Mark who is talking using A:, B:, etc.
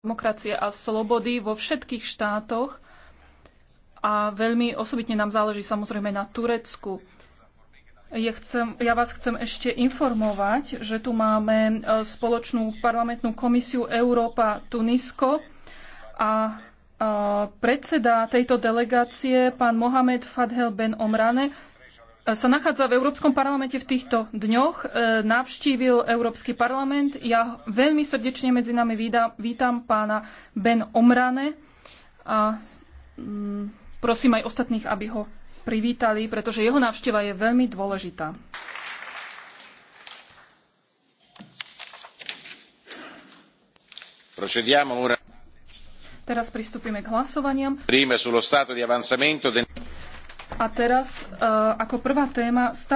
A: demokracie a slobody vo všetkých štátoch a veľmi osobitne nám záleží samozrejme na Turecku. Ja, chcem, ja vás chcem ešte informovať, že tu máme e, spoločnú parlamentnú komisiu Európa-Tunisko a e, predseda tejto delegácie, pán Mohamed Fadhel Ben Omrane, sa nachádza v Európskom parlamente v týchto dňoch. E, navštívil Európsky parlament. Ja veľmi srdečne medzi nami vítam pána Ben Omrane a mm, prosím aj ostatných, aby ho privítali, pretože jeho návšteva je veľmi dôležitá. Teraz pristúpime k hlasovaniam. A teraz e, ako prvá téma stav